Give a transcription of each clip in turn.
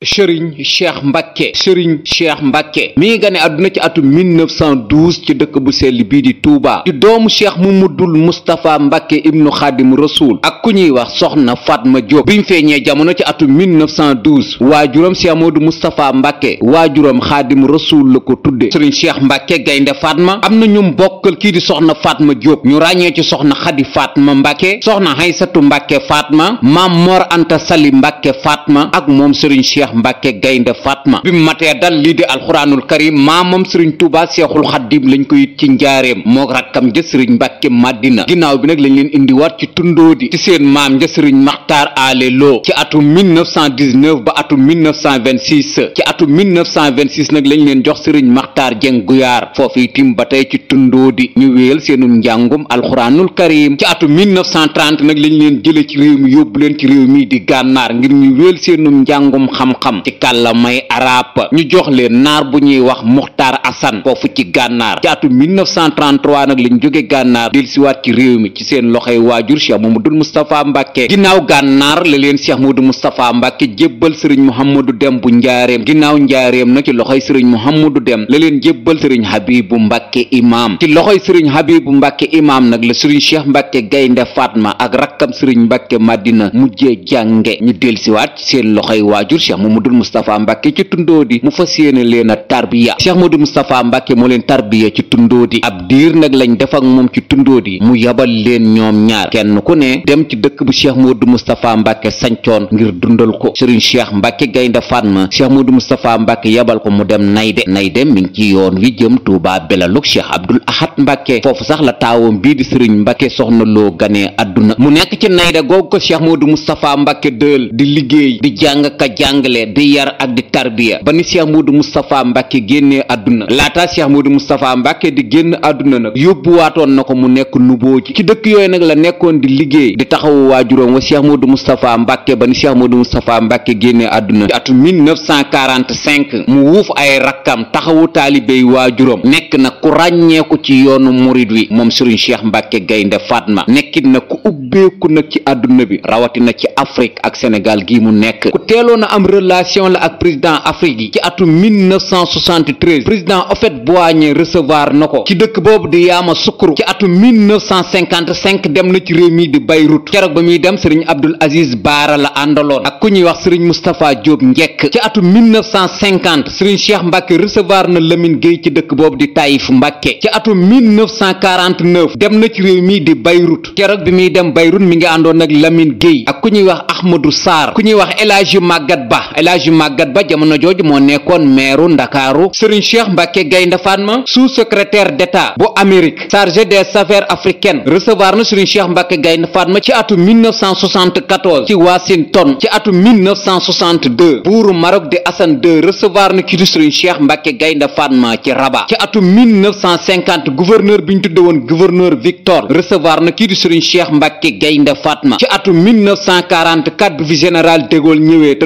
sëriñ cheikh mbàkke sëriñ cheikh mbàkke mi ngi gane àdduna ci atum 1912 ci dëkk bu sell bii di Touba di doomu cheikh Mamadul Moustapha Mbàkke ibnu xaadim rasul ak ku ñuy wax soxna Fatma Diop biñ feeñee jamono ci atum 1912 waajuram cheikh Modou Moustapha Mbàkke waajuram xaadim rasul la ko tudde sëriñ cheikh Mbàkke gaynde Fatma am na ñu mbokkal kii di soxna Fatma Diop ñu ràññee ci soxna Xadi Fatma Mbàkke soxna Haysatu Mbàkke Fatma maam Mor Anta Sali Mbàkke Fatma ak moom sëriñ cheikh mbàkke gaynde fatma bi mu dal lii di alxuraanul karim maamam sëriñ tuuba seexul xaddim lañ ko ci njaareem mook rakkam ja sëriñ mbàkke màddina ginnaaw bi nag lañ leen indiwaat ci tundoodi ci seen maam ja sëriñ maxtaar aale loo ci atum ba atum 1926 ci atum 1926 nag lañ leen jox sëriñ maxtaar jeng guyaar foofu itim ba tey ci tundoodi ñu wéyal seenum njàngum alxuraanul karim ci atum nag lañ leen jële ci réew mi yóbbu leen ci réew mi di gànnaar ngir xam-xam ci kàllamay arab ñu jox leen naar bu ñuy wax muxtaar asan foofu ci gànnaar ci atu 1933 nag lañ jóge gànnaar dellusiwaat ci réew mi ci seen loxoy waajur cheikh mamadou moustapha mbàkke ginnaaw gànnaar la leen cheikh mamadou moustapha mbàkke jébbal sëriñ mouhamadou dem bu njaareem ginnaaw njaareem nag ci loxoy sëriñ mouhamadou dem la leen jébbal sëriñ habibu mbàkke imaam ci loxoy sëriñ habibu mbàkke imaam nag la sëriñ cheikh mbàkke gaynde fatma ak rakkam sëriñ mbàkke madina mujjee jànge ñu dellusiwaat Mamadou Moustapha Mbàkke ci di mu fas yéene leen a tarbiya Cheikh Mamadou Moustapha Mbàkke moo leen tarbiya ci tundoodi ab diir nag lañ def ak moom ci tundoodi mu yabal leen ñoom ñaar kenn ku ne dem ci dëkk bu Cheikh Mamadou Moustapha Mbàkke sancoon ngir dundal ko Serigne Cheikh Mbàkke Gaynde Fatma Cheikh Mamadou Moustapha Mbàkke yabal ko mu dem Nayde nay mi ngi ci yoon wi jëm Tuubaa Belalug Cheikh Abdul Ahad Mbàkke foofu sax la taawam bii di Serigne Mbàkke soxna loo ganee àdduna mu nekk ci Nayde googu ko Cheikh di liggéey di jàng ka jàngale di yar ak di tarbiya ba ni cheikh moodu moustapha mbàkke génnee àdduna laataa cheikh moodu moustapha mbàkke di génn àdduna nag yóbbuwaatoon na ko mu nekk nuboo ci ci dëkk yooyu nag la nekkoon di liggéey di taxawu waajuróom wa cheikh moodu moustapha mbàkke ba ni cheikh moodu moustapha mbàkke génnee àdduna ci atu mu wuuf ay rakkam taxawu taalibey waajuróom nekk na ku ràññeeku ci yoonu murid wi moom sëriñ cheikh mbàkke gaynde fatma nekkit na ku ubbeeku nag ci àdduna bi rawatina ci afrique ak sénégal gi mu nekk ku relation la ak président Afrique yi ci atum 1973 président Houphouët Boigny recevoir na ko ci dëkk boobu di Yamoussoukro ci atum 1955 dem na ci réew mi di Beyrouth keroog ba muy dem sëriñ Abdul Aziz Baara la àndaloon ak ku ñuy wax sëriñ Moustapha Diop Njekk ci atum 1950 sëriñ Cheikh Mbacke resevoir na Lamine Gueye ci dëkk boobu di Taïf Mbacke ci atum 1949 dem na ci réew mii di Beyrouth keroog bi muy dem Beyrouth mi ngi àndoon ak Lamine Gueye ak ku ñuy wax Ahmadou Sarr ku ñuy wax El Hadji Magat Ba El Hadji Màggat Ba jamono jooju moo nekkoon meeru Ndakaaru Serigne Cheikh Mbacke Gaynde Fatma sous-secrétaire d'État bu Amérique chargé des affaires africaines recevoir na Serigne Cheikh Mbacke Gaynde Fatma ci atu 1974 ci Washington ci atu 1962 buuru Maroc di Hassan II recevoir na kii Serigne Cheikh Mbacke Gaynde Fatma ci Rabat ci atu 1950 gouverneur bi ñu tudde woon gouverneur Victor recevoir na kii di Serigne Cheikh Mbacke Gaynde Fatma ci atu 1944 bi fi général de Gaulle ñëwee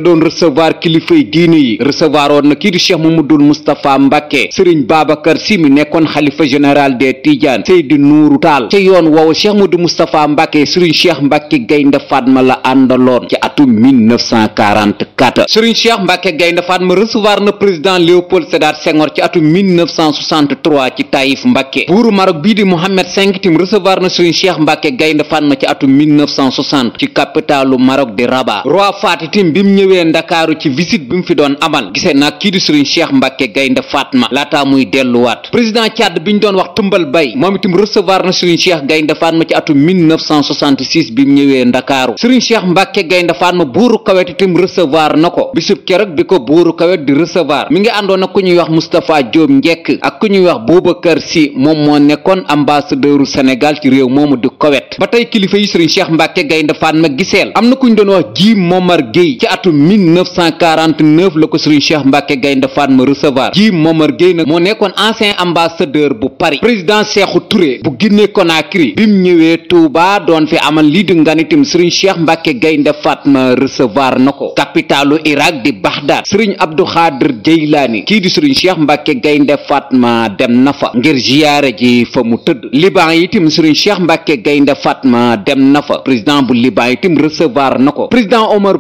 recevoir kilifay diine yi recevoir woon na kii di cheikh mamadul moustapha mbàkke sëriñ babacar si mi nekkoon xalifa général des tidiane seydi nuuru taal ca yoon woowu cheikh mamadou moustapha mbàkke sëriñ cheikh mbàkke gaynde fatma la àndaloon ci atum 1944 sëriñ cheikh mbàkke gaynde fatma recevoir na président léopold sédar senghor ci atum 1963 ci taïf mbàkke buuru marok bii di mohammed cinq tim recevoir na sëriñ cheikh mbàkke gaynde fatma ci atum ci capitalu marok di rabat roi faati ndakaaru ci visite bi mu fi doon amal gisee naa na sëriñ cheikh gaynde faatma ci atum 1966 bi mu ñëwee ndakaaru sëriñ cheikh mbàkke gaynde faatma buuru kawet itam recevoir na ko bisub keroog bi ko buuru kawet di recevoir mi ngi àndoon na ku ñuy wax Moustapha Diop njekk ak ku ñuy wax Boubacar Sy moom moo nekkoon ambassadeuru Sénégal ci réew moomu di kowet ba tey kilifa yi sëriñ cheikh mbàkke gaynde faatma giseel am na ku ñu doon wax ji momar gueye ci atum 1949 la ko Serigne Cheikh Mbacke Gaynde Fatma recevoir ji Momar Gueye nag moo nekkoon ancien ambassadeur bu Paris président Sékou Touré bu Guinée Conakry bi mu ñëwee Touba doon fi amal lii di nganitam Serigne Cheikh Mbacke Gaynde Fatma recevoir na ko capitalu Irak di Bagdad Serigne Abdou Khadir Jeylaani kii di Serigne Cheikh Mbacke Gaynde Fatma dem na fa ngir ziyaare ji fa mu tëdd Liban itam Serigne Cheikh Mbacke Gaynde Fatma dem na fa président bu Liban itam recevoir na ko président Omar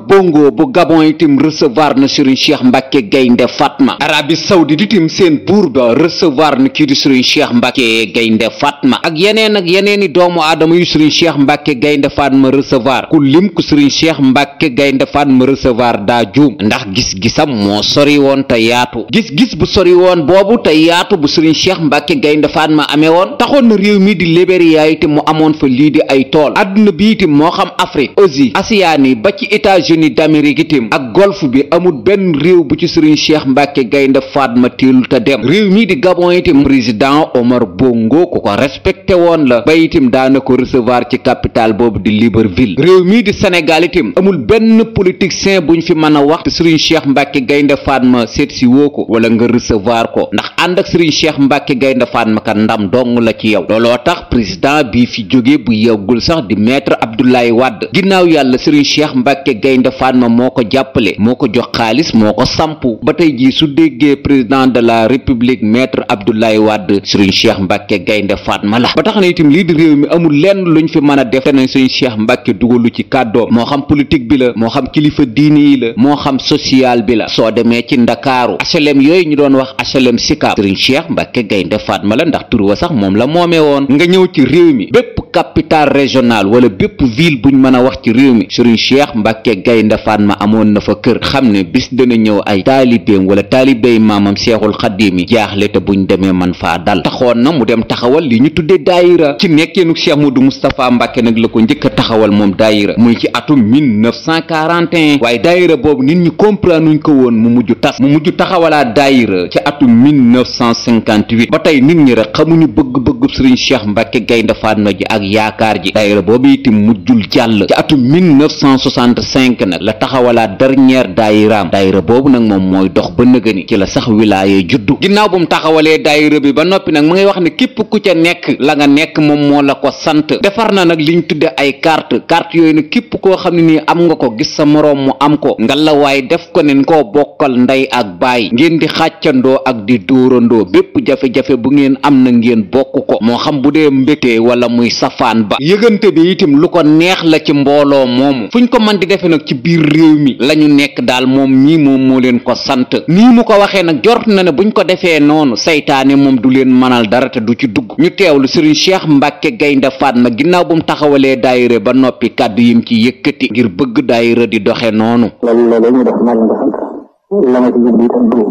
recevoir na sëriñ cheikh mbàkke gaynde fatma arabi saudi ditim seen buur ba recevoir na kii di sëriñ cheikh mbàkke gaynde ak yeneen ak yeneeni doomu aadama yu sëriñ cheikh mbàkke gaynde fatma recevoir ku lim ku sëriñ cheikh mbàkke gaynde fatma recevoir daa juum ndax gis-gisam moo sori woon te yaatu gis-gis bu sori woon boobu te yaatu bu sëriñ cheikh mbàkke gaynde fatma amee woon taxoon na réew mi di Libéria yi te mu amoon fa lii di ay tool àdduna bi itam moo xam afrique Asie asiyaani ba ci états-unis d'amérique itam ak walf bi amul benn réew bu ci sëriñ cheikh mbàkke gaynde faatma teelu te dem réew mii di gabon itam président omar bongo ku ko respecté woon la ba itam daana ko recevoir ci capitale boobu di libreville réew mii di sénégal itam amul benn politicien buñ fi mën a wax te sëriñ cheikh mbàkke gaynde faatma seet si woo ko wala nga recevoir ko ndax ànd ak sëriñ cheikh mbàkke gaynde faatma ka ndam dong la ci yow looloo tax président bi fi jóge bu yeggul sax di maître abdoulaye wadd ginnaaw yàlla sëriñ cheikh mbàkke gaynde faatma moo ko jàppale moo ko jox xaalis moo ko samp ba tey jii su déggee président de la république maître Abdoulaye waad Serigne Cheikh Mbacke Gaynde faat ma ba tax na itam lii di réew mi amul lenn luñ fi mën a def te nañ Serigne Cheikh Mbacke dugalu ci kàddoom moo xam politique bi la moo xam kilifa diini yi la moo xam social bi la soo demee ci ndakaaru HLM yooyu ñu doon wax HLM Sicap Serigne Cheikh Mbacke Gaynde Fatma ndax tur wa sax moom la moomee woon nga ñëw ci réew mi bépp capital régional wala bépp ville buñ mën a wax ci réew mi Serigne Cheikh Mbacke Gaynde Fatma amoon na kër kër xam ne bis dana ñëw ay taalibeem wala taalibey maamam seexul xaddiim yi jaaxle te buñ demee man faa dal taxoon na mu dem taxawal li ñu tudde daayira ci nekkeenu cheikh Modou Moustapha Mbàkke nag la ko njëkk a taxawal moom daayira muy ci atum 1941 waaye daayira boobu nit ñi comprendre nuñ ko woon mu mujj tas mu mujj taxawalaat daayira ci atum 1958 ba tey nit ñi rek xamuñu bëgg bëgg sëriñ cheikh Mbàkke Gaynde Fatma ji ak yaakaar ji daayira boobu itam mujjul jàll ci atum 1965 nag la taxawalaat yor daayiraam daayira boobu nag moom mooy dox ba nëgëni ci la sax wilaaye juddu ginnaaw bu mu taxawalee daayira bi ba noppi nag mu ngi wax ne képp ku ca nekk la nga nekk moom moo la ko sant defar na nag liñ tudde ay carte carte yooyu nag képp koo xam ne nii am nga ko gis sa moroom mu am ko nga la waaye def ko nen koo bokkal ndey ak baay ngeen di xàccandoo ak di dóorandoo bépp jafe-jafe bu ngeen am na ngeen bokk ko moo xam bu dee mbégte wala muy safaan ba yëgante bi itam lu ko neex la ci mbooloo moomu fuñ ko mën di defe nag ci biir réew mi lañu nekk nekk daal moom mii moom moo leen ko sant nii mu ko waxee nag jort na ne buñ ko defee noonu saytaane moom du leen mënal dara te du ci dugg ñu lu sëriñ Cheikh Mbàkke Gaynde Fatma ginnaaw bu mu taxawalee daayira ba noppi kàddu yim ci yëkkati ngir bëgg daayira di doxe noonu dara lu dul bëgg ñu mën a mënante bu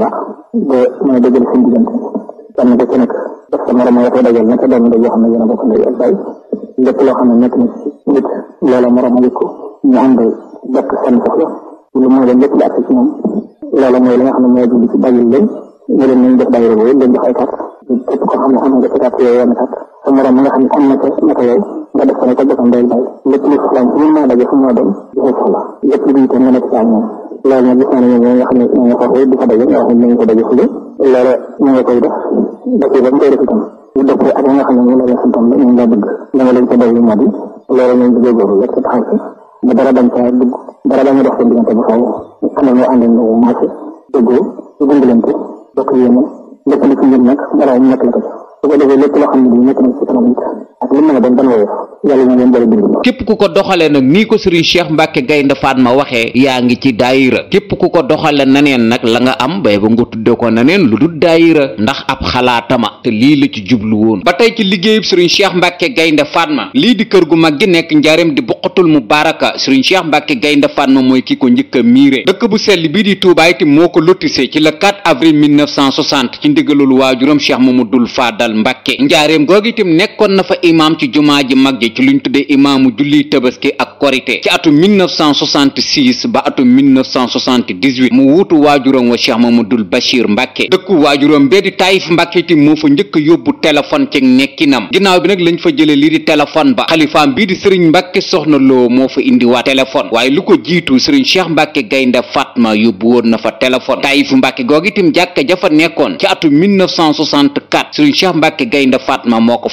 baax ba mën a dëggal seen sa morom nga koy dajal nekk doon ndaje yoo xam ne yéen a bokk ndey ak baay lépp loo xam ne nekk na nit loola morom yëg ko ñu ànd bokk seen soxla lu mooy leen lépp lu àgg ci moom loola mooy li nga xam ne mooy jublu ci bàyyil leen ñu leen nañ jox bàyyil boobu leen jox ay kàtt képp koo xam ne am nga ci kàtt yooyu yenn kàtt sa morom nga xam ne am na ko naka yow nga def ko ne ko bokkam ndey baay lépp lu soxlaam ci ñun moo daje fu moo dem di ko soxla lépp lu itam nga nekk ci ak moom loolu nag gis naa ne ñoom ñoo nga xam ne ñoo nga foofu di ko daje ñoo xam ne ñu ko daje fule loola ñu nga koy def dëkk yi dañ koy def itam bu dëppoo ak li nga xam ne ñu la def itam ñu da nga leen ko doy moo di loola ñu ngi góorgóorlu rek ci taxaw si dugg dara bañ a dox seen diggante bu xaw ana ñoo ànd ñu marché déggoo di dimbalante bokk yéene lépp lu ci yéen nag dara ñu nekk la su ko defee lépp loo xam ne nekk na ci ak li mu mën a doon ban yàlla képp ku ko doxale nag nii ko sëriñ Cheikh Mbacke Gaynde Fatma waxee yaa ngi ci daayira képp ku ko doxale naneen nag la nga am bay ba nga tudde ko naneen lu dul daayira ndax ab xalaatama te lii la ci jublu woon ba tey ci liggéeyub sëriñ Cheikh Mbacke Gaynde Fatma lii di kër gu mag gi nekk njaareem di mu mubaaraka sëriñ Cheikh Mbacke Gaynde Fatma mooy ki ko njëkk a miire dëkk bu sell bii di Touba itam moo ko lotise ci la 4 avril 1960 ci ndigalul waajuram Cheikh Mamadou Fadal Mbacke njaareem googu itam nekkoon na fa imaam ci jumaa yi ci luñ tuddee imaamu julli tabaski ak korite ci atum 1966 ba atum 1978 mu wuutu waajuram wa cheikh mamadul bachir mbàkke dëkku waajuram bee di taayif mbàkketi moo fa njëkk a yóbbu téléphone ci nekkinam ginnaaw bi nag lañ fa jëlee lii di téléphone ba xalifaam bi di sëriñ mbàkke soxna loo moo fa indi waa téléphone waaye lu ko jiitu sëriñ cheikh mbàkke gaynde fatma yóbbu woon na fa téléphone taayif mbàkke googu itam jàkka ja fa nekkoon ci atum 1964 sëriñ cheikh mbàkke gaynde fatma moo ko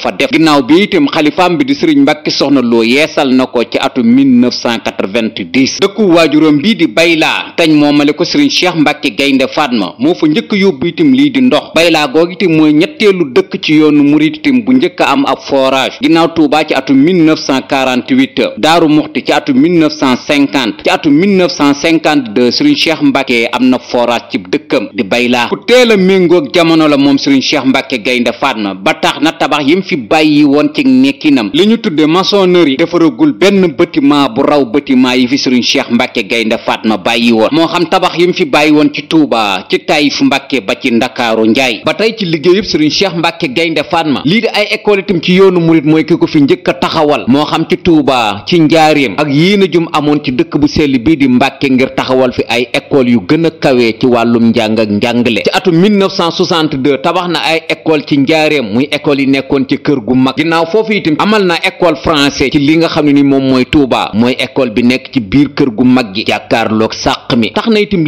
mbàkki soxna loo yeesal na ko ci atum 1990 dëkku waajuram bii di baylaa tañ moomale ko sëriñ cheikh mbàkke gaynde faatma moo fa njëkk yóbbu itam lii di ndox baylaa googu itam mooy ñetteelu dëkk ci yoonu murit tim bu njëkk a am ab forage ginnaaw Touba ci atum 1948 Daaru Muxti ci atum 1950 ci atum 1952 Serigne Cheikh Mbacke am na forage ci dëkkam di Bayla ku teel a méngoog jamono la moom Serigne Cheikh Mbacke Gaynde Fatma ba tax na tabax yim fi bàyyi woon ci nekkinam li ñu tudde maçonnerie defaragul benn bâtiment bu raw bâtiment yi fi Serigne Cheikh Mbacke Gaynde Fatma bàyyi woon moo xam tabax yim fi bàyyi woon ci Touba ci fu Mbacke ba ci Ndakaaru Njaay ba tey ci liggéeyub Serigne sëriñ cheikh mbàkke gaynde fatma lii di ay école itam ci yoonu murit mooy ki ko fi njëkk taxawal moo xam ci tuubaa ci njaareem ak yéen a jum amoon ci dëkk bu sell bii di mbàkke ngir taxawal fi ay école yu gën a kawee ci wàllum njàng ak njàngale ci atum 1962 tabax na ay école ci njaareem muy école yi nekkoon ci kër gu mag ginnaaw foofu itam amal na école francais ci li nga xam ne ni moom mooy tuubaa mooy école bi nekk ci biir kër gu mag gi jàkkaarloog sàq mi tax na itam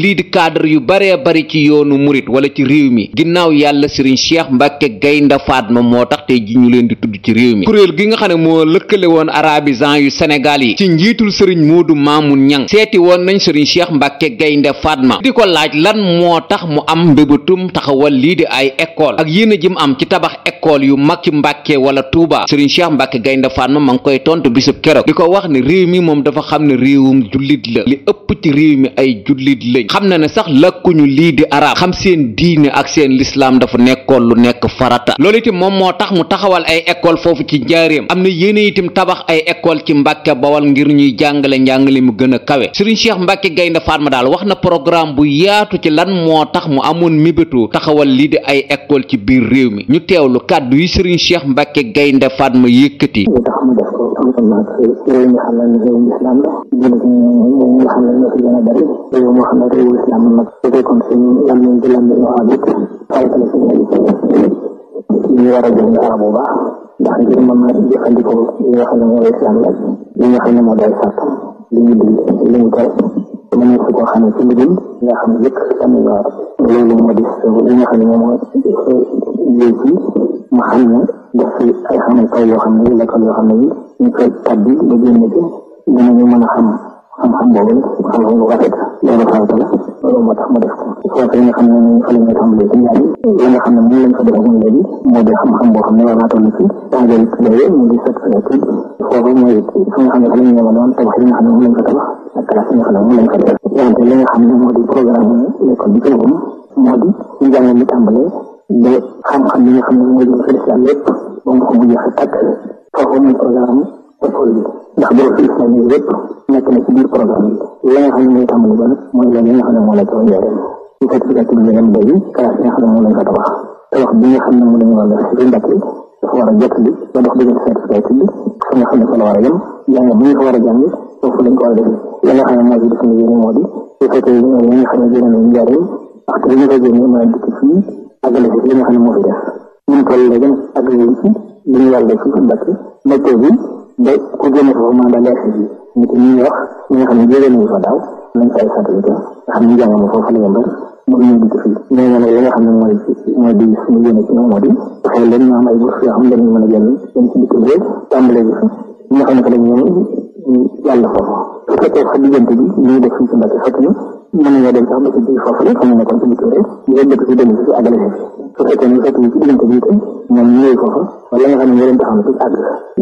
yu baree bari ci yoonu mi mbàkke gaynde moo tax ji ñu leen di tudd ci réew mi kuréel gi nga xam ne moo lëkkale woon arabisant yu sénégal yi ci njiitul sëriñ moodu maamun ñang seeti woon nañ sëriñ cheikh mbàkke gaynde faatma di ko laaj lan moo tax mu am mbébatum taxawal lii di ay école ak yéen a am ci tabax école yu mag ci mbakke wala tuuba sëriñ cheikh mbàkke gaynde faatma ma ngi koy tontu bisub keroog di ko wax ne réew mi moom dafa xam ne réewum jullit la li ëpp ci réew mi ay jullit lañ xam na ne sax làkkuñu lii di arab xam seen diine ak seen lislaam dafa nekkoon lu nekk nekk farata loolu itam moom moo tax mu taxawal ay école foofu ci njaaréem am na yéene itam tabax ay école ci mbàkke bawal ngir ñuy jàngale njàngale mu gën a kawe sëriñ cheikh mbàkke gaynde Fatma daal wax na programme bu yaatu ci lan moo tax mu amoon mébétu taxawal lii di ay école ci biir réew mi ñu teew lu kàddu yi sëriñ cheikh mbàkke gaynde Fatma yëkkati ak réew mi xam ne réew mi islam la jullit ñi nga xam ne ñoo fi gën a bëri réew moo xam ne réewu islam la nag su fekkoon seen làmmiñ di làmmiñ arab it xaytale seen ay ñu war a jàng arab bu baax ndax ngir mën a jëfandikoo li nga xam ne mooy islam la li nga xam ne moo day sàrt li ñu dul li ñu tere mën na ko xam ne ci ndigal nga xam ne yëpp tamit loolu moo di li nga xam ne moom moo ji ma xam ne def ci ay xamal kaw yoo xam ne yi lekkool yoo xam ne yi ñu koy tabbi ba génn ci dinañu mën a xam xam-xam boobu xam-xam bu rafet loolu farata la loolu moo tax ma def ko foofu yi nga xam ne fa la ñu xam léegi ñaari li nga xam ne moom lañ fa def moom léegi moo di xam-xam boo xam ne war naa toll ci enjeu daye mu ngi set fekk foofu mooy fi nga xam ne fa la ñu ñëwoon tabax yi nga xam ne moom lañ fa tabax ak classe yi nga xam ne moom lañ fa def wante li nga xam ne moo di programme l'école bi ci boppam moo di njàng mi tàmbalee ba xam-xam bi nga xam ne mooy jëm ci na ci bi la nga xam ne mooy tàmbali ba nag mooy ne moo la taw njëriñ ñu certificat bi ngeen béy classe war a def a jot bi ba dox diggante certificat bi fa nga xam ne fa war a yem jàng bi ñu ko war a jàng foofu lañ ko war a defee la nga xam ne moo ci def suñu yéene moo di bu fekkee ñi nga xam ne jëlee nañ njëriñ waxtu bi ko jëlee a dikk fii àggale ko li nga xam ne moo fi def ñun toll léegi àgg nañ ci li ñu yàlla def ci Mbacke météo bi ba ku génne foofu maanaam leer si bi nit ñi wax ñi nga xam ne jógee nañu fa daaw lañ fay sant bi tam nga xam ne njàng ma foofu la yombal mën ñu dikk fii ñu ne li nga xam ne mooy mooy di suñu yéene ci ñoom moo di fexe leen ñu am ay bourse yoo xam ne dañuy mën a jël dem ci dikk bi tàmbalee bi ñi nga xam ne fa lañ ñëw yàlla foofu su fekkee sa diggante bi ñuy def fii ci Mbacke fekk na mën nañoo dem sax ba ci biir foofu la xam ne kon ci biir rek ñu dem ba ci dem ci àggale su fekkee ne fekk ñu ñoom ñu yooyu foofu wala nga xam ne ñoo leen taxaw na ci àgg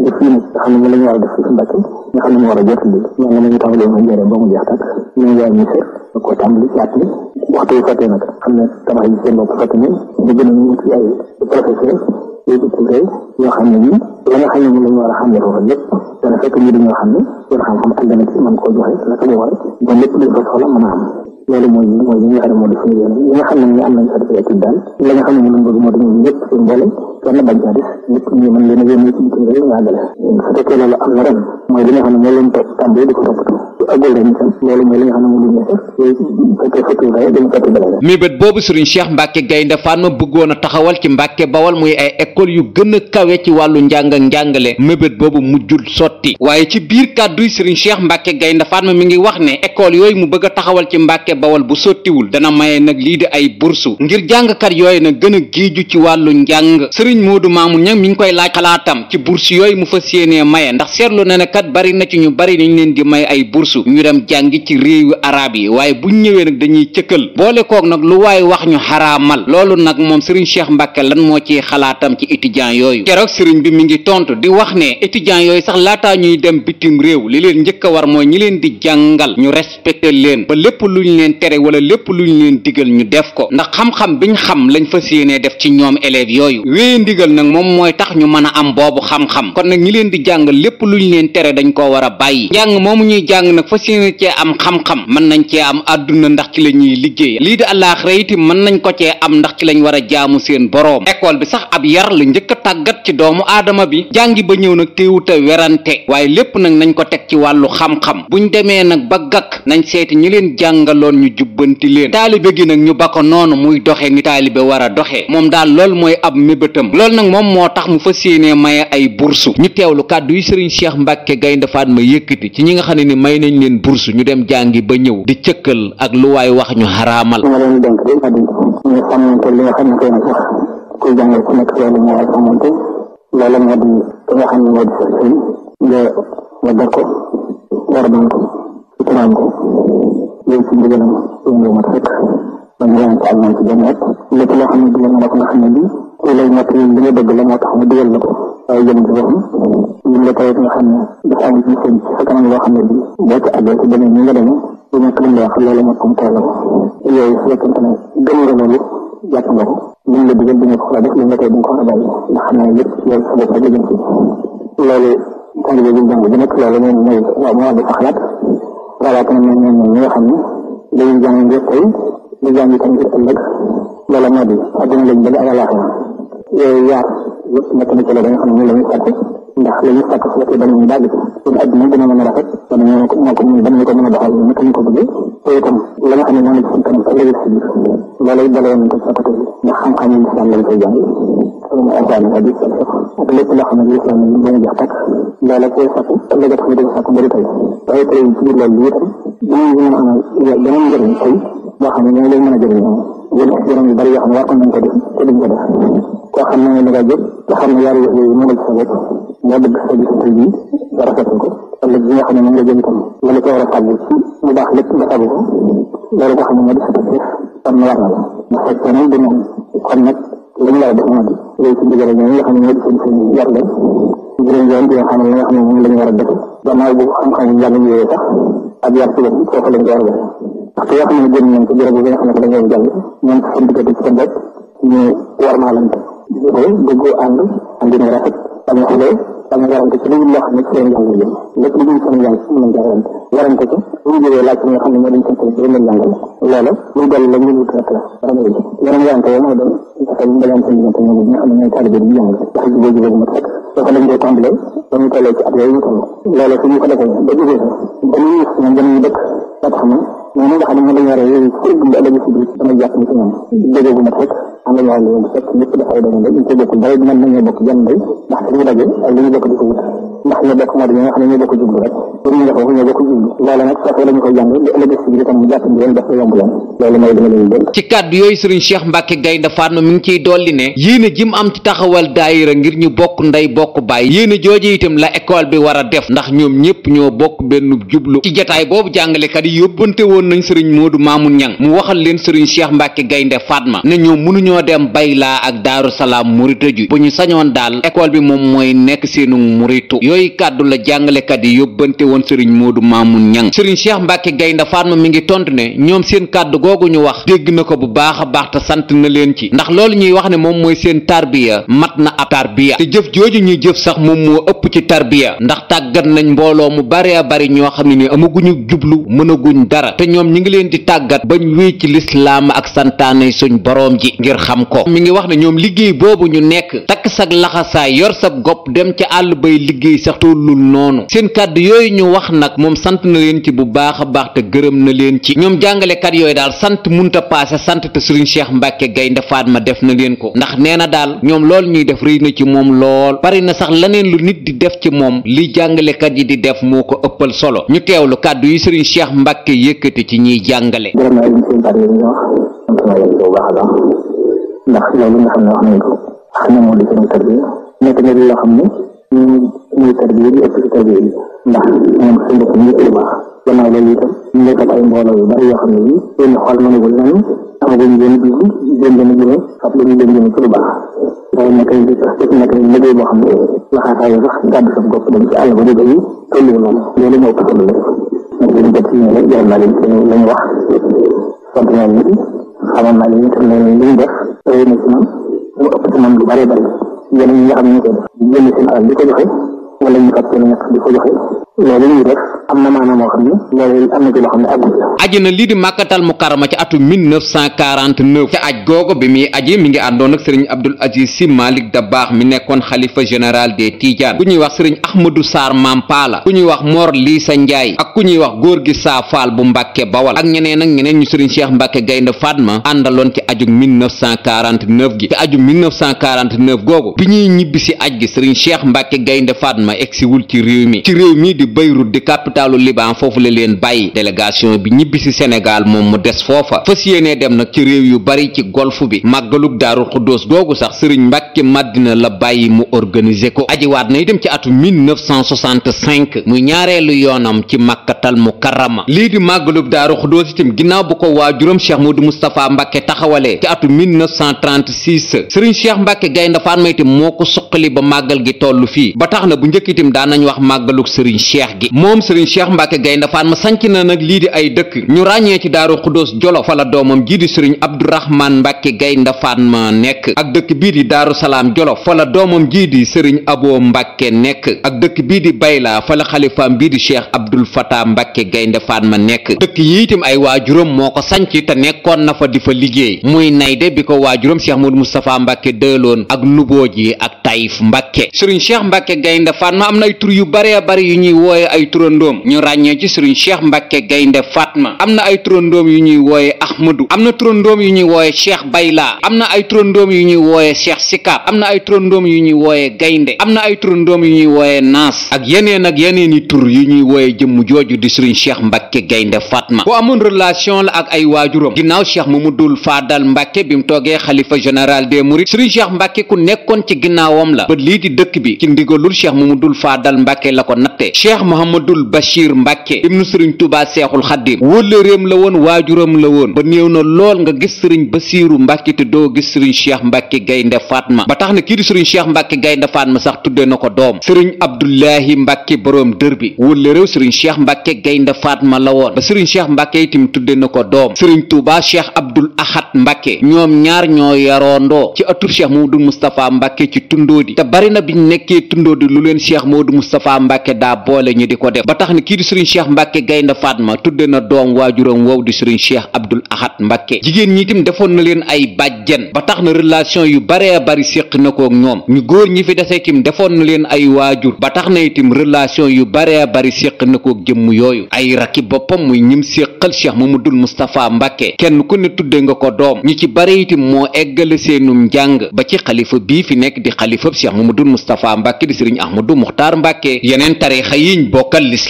def yi nga xam ne moom la ñu war a def ci Mbàkke nga xam ne moo war a jot lii ñoom la ñu tàmbalee ma njëriñ ba mu jeex tàkk ñu jaay ñu seet ba koo tàmbali ci at mi waxtu yu fàttee nag xam ne tabax yi seen bopp fàtte nañ ñu gën a ñu ci ay professeur yooyu ci réew ñoo xam ne ñun la nga xam ne moom la ñu war a xam ne foofu lépp dana fekk ñu di ñoo xam ne seen xam-xam àgg na ci man koo joxe la ko war ba lépp luñ fa soxla mën a am loolu mooy mooy yi nga xam ne moo di suñu yéen yi nga xam ne ñu am nañ certificat daal la nga xam ne ñu bëgg moo di ñun ñëpp suñu boole wala bañ caa def lépp ñu mën leen a yónnee ci bitim réew ñu àggale su fekkee loolu am na ren mooy li xam ne moo leen topp tàmbali di ko toppatoo agul dañ mébét boobu sëriñ Cheikh Mbacke Gaynde Fatma bëggoon a taxawal ci Mbacke Bawal muy ay école yu gën a kawe ci wàllu njàng ak njàngale mébét boobu mujjul sotti waaye ci biir kàdduy sëriñ Cheikh Mbacke Gaynde Fatma mi ngi wax ne école yooyu mu bëgg a taxawal ci Mbacke Bawal bu sottiwul dana maye nag lii di ay bursu ngir jàngkat yooyu nag gën a géeju ci wàllu njàng sëriñ Modou Mamoun ñag mi ngi koy laaj xalaatam ci bursu yooyu mu fas yéenee maye ndax seetlu na gëstu ñu dem jàngi ci réewu arab yi waaye buñ ñëwee nag dañuy cëkkal boole kook nag lu waaye wax ñu xaraamal loolu nag moom sëriñ Cheikh Mbacke lan moo ci xalaatam ci étudiant yooyu keroog sëriñ bi mu ngi tontu di wax ne etijan yooyu sax laataa ñuy dem bitim réew li leen njëkk a war mooy ñi leen di jàngal ñu respecté leen ba lépp lu ñu leen tere wala lépp lu ñu leen digal ñu def ko ndax xam-xam biñ xam lañ fa yéenee def ci ñoom élèves yooyu wéye ndigal nag moom mooy tax ñu mën a am boobu xam kon nag ñi leen di jàngal lépp lu dañ koo war a bàyyi nag fas yéene cee am xam-xam mën nañ cee am àdduna ndax ci la ñuy liggéey lii di àllaaxira it mën nañ ko cee am ndax ci lañ war a jaamu seen boroom école bi sax ab yar la njëkk a tàggat ci doomu aadama bi jàngi ba ñëw nag téewuta werante waaye lépp nag nañ ko teg ci wàllu xam-xam ñu demee nag ba gàkk nañ seeti ñu leen jàngaloon ñu jubbanti leen taalibe gi nag ñu ba ko noonu muy doxe ni taalibe war a doxee moom daal lool mooy ab mébétam loolu nag moom moo tax mu fas yéene maye ay bursu ñu teewlu kàddu yi sëriñ Cheikh Mbàkke Gaynde Fatma yëkkati nañ leen bourse ñu dem jàngi ba ñëw di cëkkal ak lu waay wax ñu xaraamal kuy jàngal ku nekk loolu ñu war a amante loolu moo di ki nga xam ne moo di sa sëriñ nga waddal ko warban ko suturaan ko yooyu ci ndigalam yooyu nga mat fekk ba nga leen a ak moom ci benn lépp loo xam nga xam ne lii ku lay nekk li nga bëgg la moo tax mu dugal la ko waaye jëm ci boppam lim la tawee nga xam ne dafa am ci sëñ ci sa kanam loo xam ne bii boo ci àggee ci demee ni nga demee du nekk lim la wax loolu moo tax mu teel la ko yooyu su fekkente ne gëm nga loolu jàpp nga ko lim la digal di nga ko war a def lim la tey di nga ko war a bàyyi nga xam ne lépp ci yow sa bopp rek la jëm ci loolu tàng bi jàng bi nekk loolu moom mooy waaw moo di sa xalaat xalaat na ne ñoom ñi nga xam ne dañuy jàng ngir tey di jàng itam ngir ëllëg loolu moo di adduna lañ bëgg ak alaaxira yaar nekk na ci la nga xam ne la ñuy sàkk ndax la ñuy sàkk su fekkee dañuy dàgg ci àdduna dina mën a rafet dana ñoo ko ñoo ko mën dañu ko a doxal naka ñu ko bëggee te la xam ne moo nekk suñ kanam ëllëg si biir loolay dalee nañ ko ci côté bi ndax xam-xam yi koy jàng sama alxuraan hadis ba mu jeex takk loola koy sàkk xam ne dañu sàkk bëri a amal yeneen ñoo lay mën a jëriñoo yéen ak yeneen yu bëri yoo xam ne war ko nañ ko def te duñ ko def koo xam ne da ngaa jóg te xam ne yaari yooyu moo la ci sa bopp moo bëgg sa gis tey jii nga rafetlu ko ëllëg bi nga xam ne moom nga jëm itam wala ko war a fàggu ci lu baax lépp nga fàggu ko loolu nga xam ne moo di sa tafsir am na war na la ndax fekk na du noonu kon nag li ñu lay def moo di léegi ci digal ñoom nga xam ne ñoo di seen seen yar leen juróom yoon di nga xam ne li nga xam ne moom la ñu war a def gannaaw bu xam-xam njàng ñëwee sax ak yar ci leen foofu lañ ko war a def te yoo xam ne génn nañ ko béréb bi nga xam ne dañoo jàll ñoom seen diggante ci sa bopp ñu war maa lan dëggoo dëggoo ànd àndina rafet bañ a xuloo bañ a warante ci lu loo xam ne seen njàng yëpp lépp lu dul seen njàng mën nañ ko warante warante ci bu ñu jógee laaj nga xam ne moo dañ seen seen leen njàng loolu muy dellu la ñu wut rek la vraiment yi yeneen warante yoo moo doon fexe ñu balaan seen diggante ñoom ñi nga xam ne ñooy taalibe bi jàng ndax jubóo jubóo bu mat rek kooku dañ koy tàmbalee ba ñu tollee ci at yooyu ñu toll loolu su ñu ko defee ba jógee ko dañuy gis ñoom dañuy dëkk ba tax na ñooñu nga xam ne ñoo dañoo yore yooyu fukk ba ëllëg si biir dama jàpp ni ci ñoom déggoo bu mat rek am na ñoo xam ne bu fekk lépp dafa ay doon ndey ñu ko di ko ndax ñu bokk moo di nga xam ne ñoo bokk jublu rek pour ñu defoo ko ñoo bokk jublu loolu nag foofu lañu koy jàng li ci kàddu yooyu sëriñ Cheikh Mbacke Gaynde Fatma mi ngi ciy dolli ne yéene jim am ci taxawal daayira ngir ñu bokk ndey bokk bàyyi yéene jooje itam la école bi war a def ndax ñoom ñëpp ñoo bokk benn jublu ci jataay boobu jàngalekat yi yóbbante woon nañ sëriñ Moodu Maamun Ñang mu waxal leen sëriñ Cheikh Mbacke Gaynde Fatma ne ñoom mënuñoo dem Bayla ak Daaru Salaam Muritaju bu ñu sañoon daal école bi moom mooy nekk seenu muritu yooyu kàddu la jàngalekat yi yóbbante woon sëriñ moodu maamun ñang sëriñ cheikh mbàkke gaynde fatma mi ngi tontu ne ñoom seen kàddu googu ñu wax dégg na ko bu baax a baax te sant na leen ci ndax loolu ñuy wax ne moom mooy seen tarbiya mat na ab tarbiya te jëf jooju ñuy jëf sax moom moo ëpp ci tarbiya ndax tàggat nañ mbooloo mu bare a bari ñoo xam ne ni amaguñu jublu mënaguñ dara te ñoom ñi ngi leen di tàggat ba wéy ci lislaam ak santaane suñ boroom ji ngir xam ko mi ngi wax ne ñoom liggéey boobu ñu nekk takk sag laxasaay yor sab gopp sax tollul noonu seen kàddu yooyu ñu wax nag moom sant na leen ci bu baax a baax te gërëm na leen ci ñoom jàngalekat yooyu daal sant munta paase sant te sëriñ Cheikh Mbacke Gaynde ma def na leen ko ndax nee na daal ñoom lool ñuy def rëy na ci moom lool bari na sax laneen lu nit di def ci moom li jàngalekat yi di def moo ko ëppal solo ñu lu kàddu yi sëriñ Cheikh Mbacke yëkkati ci ñiy jàngale. ndax loolu nga xam ne wax nañ ko xam di loo xam ne ñuy tarbiya bi ëpp ci tarbiya bi ndax moom sa mbokk lu baax gannaaw ne yi seen xol mënagul nañu amaguñ leen dugg jëm dana jëme ab lu ñu leen jëme ci xam ne laxaataayu sax gàddu sa bopp dem ci ba dugg yi tolluwu noonu loolu moo ko solo la lañu wax sant naa leen xamal naa ne na ci lu bare bari yeneen ñi nga xam ne ñu koy def jënd seen alal di ko joxe wala ñu fab seen ñàkk di ko joxe loolu ñuy def am na maanaam moo xam ne loolu am na ci loo xam ne àggul aji na lii di màkkatal mukarama ci atum 1949 ca aj googo bi muy aji mi ngi àndoon ak sëriñ Abdul Aziz Si Malik Dabaax mi nekkoon xalifa général des Tidiane ku ñuy wax sëriñ Ahmadou Sarr Mampala ku ñuy wax moor lii sa Ndiaye ak ku ñuy wax góor gi saa faal bu Mbàkke Bawal ak ñeneen ak ñeneen ñu sëriñ Cheikh Mbàkke Gaynde Fatma àndaloon ci ajug 1949 gi ci ajug 1949 googu bi ñuy ñibbi si aj gi sëriñ Cheikh Mbàkke Gaynde Fatma egsiwul ci réew mi ci réew capitalu Liban foofu la leen bàyyi délégation bi ñibbi si Sénégal moom mu des foofa fas yéenee dem nag ci réew yu bari ci golf bi màggalug daaru xuddoos googu sax sëriñ Mbàkke Madina la bàyyi mu organiser ko ajiwaat nay dem ci atu 1965 muy ñaareelu yoonam ci màkkatal mukarrama lii di màggalug daaru xuddoos itam ginnaaw bu ko waajuram Cheikh Modou Moustapha Mbàkke taxawalee ci atu 1936 sëriñ Cheikh Mbàkke Gaynde Fatma itam moo ko suqali ba màggal gi toll fii ba tax na bu njëkk itam daan nañ wax màggalug sëriñ Cheikh cheikh mbakke gaynde fatma sanc na nag lii di ay dëkk ñu ràññee ci daaru xudóos jolo fala doomam jii di sëriñ abdourahman mbàkke gaynde fatma nekk ak dëkk bii di daaru salaam jolof fala doomam jii di sëriñ aboo mbàkke nekk ak dëkk bii di bayla fala xalifaam bii di cheikh abdul fata mbàkke gaynde fatma nekk dëkk yi itam ay waajuram moo ko sanc te nekkoon na fa di fa liggéey muy nayde bi ko waajuram cheikh modou moustapha mbàkke dëloon ak nubóoj yi ak cheikh mbàkke gaynde fatma am na ay tur yu bare bare yu ñuy wooye ay turandoom doom ñu ràññee ci sëriñ cheikh mbàkke gaynde fatma am na ay turandoom yu ñuy wooye ahmadu am na turandoom yu ñuy wooye cheikh bayla am na ay turandoom yu ñuy wooye cheikh sikab am na ay turandoom yu ñuy wooye gaynde am na ay turandoom yu ñuy wooye naas ak yeneen ak yeneeni tur yu ñuy wooye jëmm jooju di sëriñ cheikh mbàkke gaynde fatma ku amoon relation la ak ay waajuram ginnaaw cheikh dul faadal mbàkke bi mu toogee xalifa général des mourides sëriñ cheikh ku nekkoon ci ginnaawam lii di dëkk bi ci ndigalul cheikh mamadul faadal mbàkke la Bachir Mbàkke ibnu sëriñ Tuubaa Seexul Xaddim wóllëreem la woon waajuram la woon ba néew na lool nga gis sëriñ Basiiru Mbàkke te doo gis sëriñ Cheikh Mbàkke Gaynde Fatma ba tax na kii di sëriñ Cheikh Mbàkke Gaynde Fatma sax tudde na ko doom sëriñ Abdullahi Mbàkke boroom dër bi wóllëreew seriñ Cheikh mbakke Gaynde Fatma la woon ba sëriñ Cheikh Mbàkke itam tudde na ko doom sëriñ Tuubaa Cheikh Abdul Ahad Mbàkke ñoom ñaar ñoo yaroondoo ci atub Cheikh Mamadou Moustapha Mbàkke ci tundóo di na biñ nekkee tundóo di lu leen Cheikh Mamadou wax ne kii di sëriñ cheikh mbàkke gaynde faatma tudde na doom waajuram woow di sëriñ cheikh abdul ahad mbàkke jigéen ñi itam defoon na leen ay bàjjen ba tax na relation yu baree bari séq na kook ñoom ñu góor ñi fi dese itam defoon na leen ay waajur ba tax na itam relation yu baree bari séq na kook ak jëmm yooyu ay rakki boppam muy ñim séqal cheikh mamadul mustapha mbàkke kenn ku ne tudde nga ko doom ñi ci bare itam moo eggale seenum njàng ba ci xalifa bii fi nekk di xalifab cheikh mamadul mustapha mbàkke di sëriñ ahmadou muxtaar mbàkke